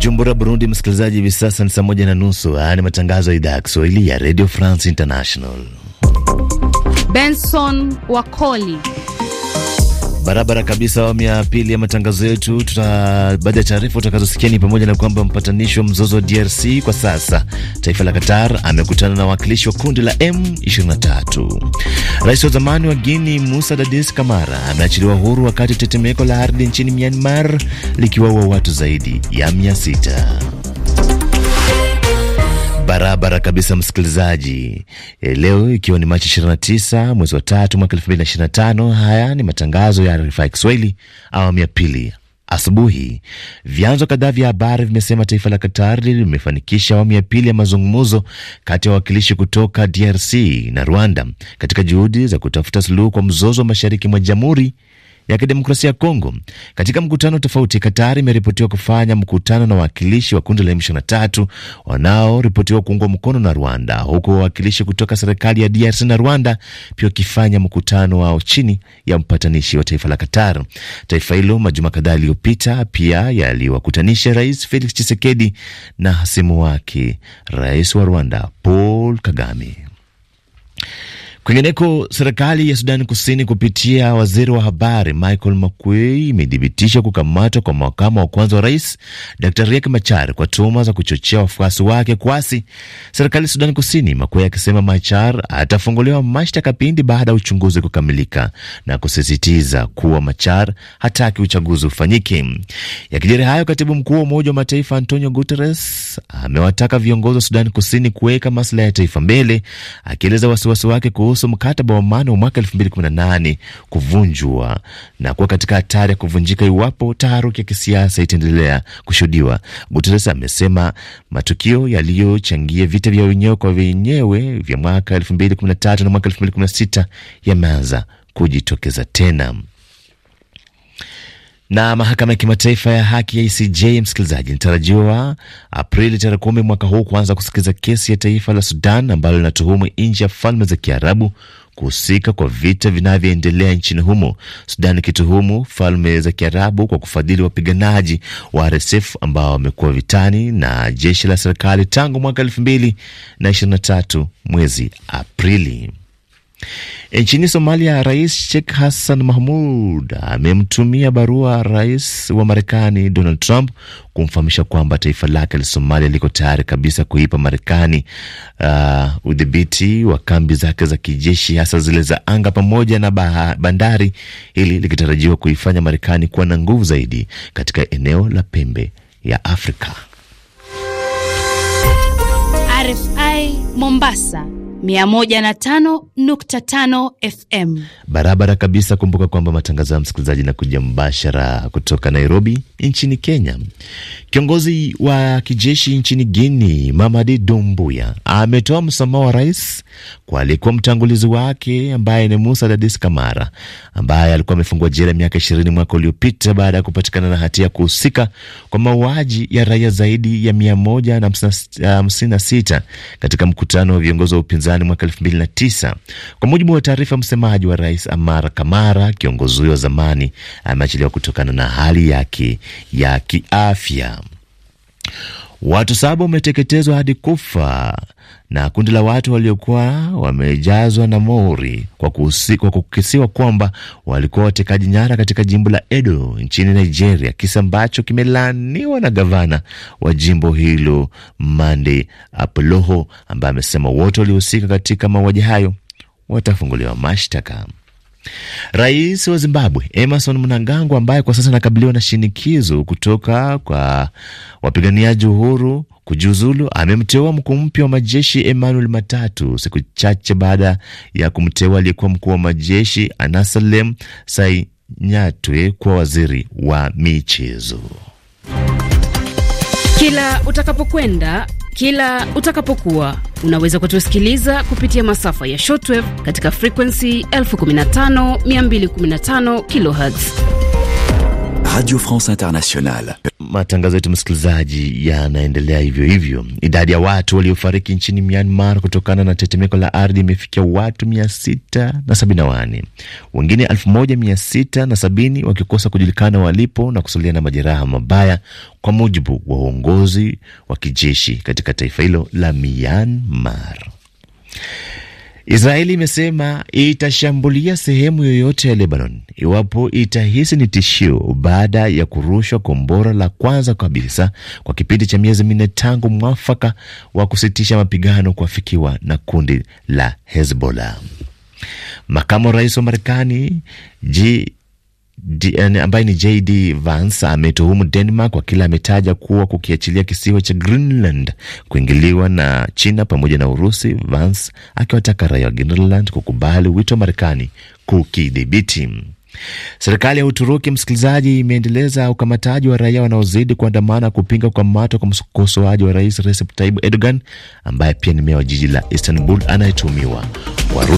Bujumbura, Burundi. Msikilizaji, hivi sasa ni saa moja na nusu. Haya ni matangazo ya idhaa ya Kiswahili ya Radio France International. Benson Wakoli Barabara kabisa. Awamu ya pili ya matangazo yetu, baadhi ya taarifa utakazosikia ni pamoja na kwamba mpatanishi wa mzozo wa DRC kwa sasa taifa la Qatar amekutana na wawakilishi wa kundi la M23. Rais wa zamani wa Guini Musa Dadis Kamara ameachiliwa huru wakati tetemeko la ardhi nchini Myanmar likiwaua watu zaidi ya mia sita barabara kabisa msikilizaji. E, leo ikiwa ni Machi 29 mwezi wa tatu mwaka 2025. Haya ni matangazo ya RFI Kiswahili awamu ya pili asubuhi. Vyanzo kadhaa vya habari vimesema taifa la Qatar limefanikisha awamu ya pili ya mazungumzo kati ya wawakilishi kutoka DRC na Rwanda katika juhudi za kutafuta suluhu kwa mzozo wa mashariki mwa jamhuri ya Kidemokrasia ya Kongo. Katika mkutano tofauti, Katari imeripotiwa kufanya mkutano na wawakilishi wa kundi la M23 wanaoripotiwa kuungwa mkono na Rwanda, huku wawakilishi kutoka serikali ya DRC na Rwanda pia wakifanya mkutano wao chini ya mpatanishi wa taifa la Qatar. Taifa hilo majuma kadhaa yaliyopita pia yaliwakutanisha Rais Felix Tshisekedi na hasimu wake Rais wa Rwanda Paul Kagame. Kwingineko, serikali ya Sudani Kusini kupitia waziri wa habari Michael Makuei imethibitisha kukamatwa kwa makamu wa kwanza wa rais Dr Riek Machar kwa tuhuma za kuchochea wafuasi wake kuasi serikali ya Sudani Kusini, Makuei akisema Machar atafunguliwa mashtaka pindi baada ya uchunguzi kukamilika na kusisitiza kuwa Machar hataki uchaguzi ufanyike. Yakijiri hayo, katibu mkuu wa Umoja wa Mataifa Antonio Guterres amewataka viongozi wa Sudani Kusini kuweka maslahi ya taifa mbele, akieleza wasiwasi wake kuhusu kuhusu mkataba wa amani wa mwaka 2018 kuvunjwa na kuwa katika hatari ya kuvunjika iwapo taharuki ya kisiasa itaendelea kushuhudiwa. Guterres amesema matukio yaliyochangia vita vya wenyewe kwa wenyewe vya mwaka 2013 na mwaka 2016 yameanza kujitokeza tena. Na mahakama ya kimataifa ya haki ya ICJ, msikilizaji, inatarajiwa Aprili tarehe kumi mwaka huu kuanza kusikiliza kesi ya taifa la Sudan ambalo linatuhumu nchi ya Falme za Kiarabu kuhusika kwa vita vinavyoendelea nchini humo, Sudan ikituhumu Falme za Kiarabu kwa kufadhili wapiganaji wa RSF ambao wamekuwa vitani na jeshi la serikali tangu mwaka elfu mbili na ishirini na tatu mwezi Aprili. Nchini Somalia, Rais Sheikh Hassan Mahmud amemtumia barua rais wa Marekani Donald Trump kumfahamisha kwamba taifa lake la Somalia liko tayari kabisa kuipa Marekani uh, udhibiti wa kambi zake za kijeshi hasa zile za anga pamoja na baha, bandari, hili likitarajiwa kuifanya Marekani kuwa na nguvu zaidi katika eneo la pembe ya Afrika. RFI Mombasa 105.5 FM barabara kabisa. Kumbuka kwamba matangazo ya msikilizaji na kuja mbashara kutoka Nairobi nchini Kenya. Kiongozi wa kijeshi nchini guini Mamadi Dumbuya ametoa msamaha wa rais kwa aliyekuwa mtangulizi wake ambaye ni Musa Dadis Kamara ambaye alikuwa amefungwa jela miaka 20 mwaka uliopita baada ya kupatikana na hatia kuhusika kwa mauaji ya raia zaidi ya 156 katika mkutano wa viongozi wa upinzani upinzani mwaka tisa. Kwa mujibu wa taarifa msemaji wa rais Amara Kamara, kiongozi huyo wa zamani ameachiliwa kutokana na hali yake ya kiafya. Watu saba wameteketezwa hadi kufa na kundi la watu waliokuwa wamejazwa na mori kwa, kusi, kwa kukisiwa kwamba walikuwa watekaji nyara katika jimbo la Edo nchini Nigeria, kisa ambacho kimelaaniwa na gavana wa jimbo hilo Mande aploho ambaye amesema wote waliohusika katika mauaji hayo watafunguliwa mashtaka. Rais wa Zimbabwe Emerson Mnangagwa, ambaye kwa sasa anakabiliwa na shinikizo kutoka kwa wapiganiaji uhuru kujiuzulu, amemteua mkuu mpya wa majeshi Emmanuel Matatu siku chache baada ya kumteua aliyekuwa mkuu wa majeshi Anasalem Sainyatwe kuwa waziri wa michezo. Kila utakapokwenda kila utakapokuwa. Unaweza kutusikiliza kupitia masafa ya shortwave katika frequency 15215 kHz Radio France Internationale. Matangazo yetu msikilizaji, yanaendelea hivyo hivyo. Idadi ya watu waliofariki nchini Myanmar kutokana na tetemeko la ardhi imefikia watu 674, wengine 1670 wakikosa kujulikana walipo na kusalia na majeraha mabaya, kwa mujibu wa uongozi wa kijeshi katika taifa hilo la Myanmar. Israeli imesema itashambulia sehemu yoyote ya Lebanon iwapo itahisi ni tishio baada ya kurushwa kombora la kwanza kabisa kwa kipindi cha miezi minne tangu mwafaka wa kusitisha mapigano kuafikiwa na kundi la Hezbollah. Makamu wa rais wa Marekani J ambaye ni JD Vance ametuhumu Denmark kwa kila ametaja kuwa kukiachilia kisiwa cha Greenland kuingiliwa na China pamoja na Urusi, Vance akiwataka raia wa Greenland kukubali wito wa Marekani kukidhibiti. Serikali ya Uturuki, msikilizaji, imeendeleza ukamataji wa raia wanaozidi kuandamana kupinga kukamatwa kwa mkosoaji wa rais Recep Tayyip Erdogan ambaye pia ni meya wa jiji la Istanbul anayetuhumiwa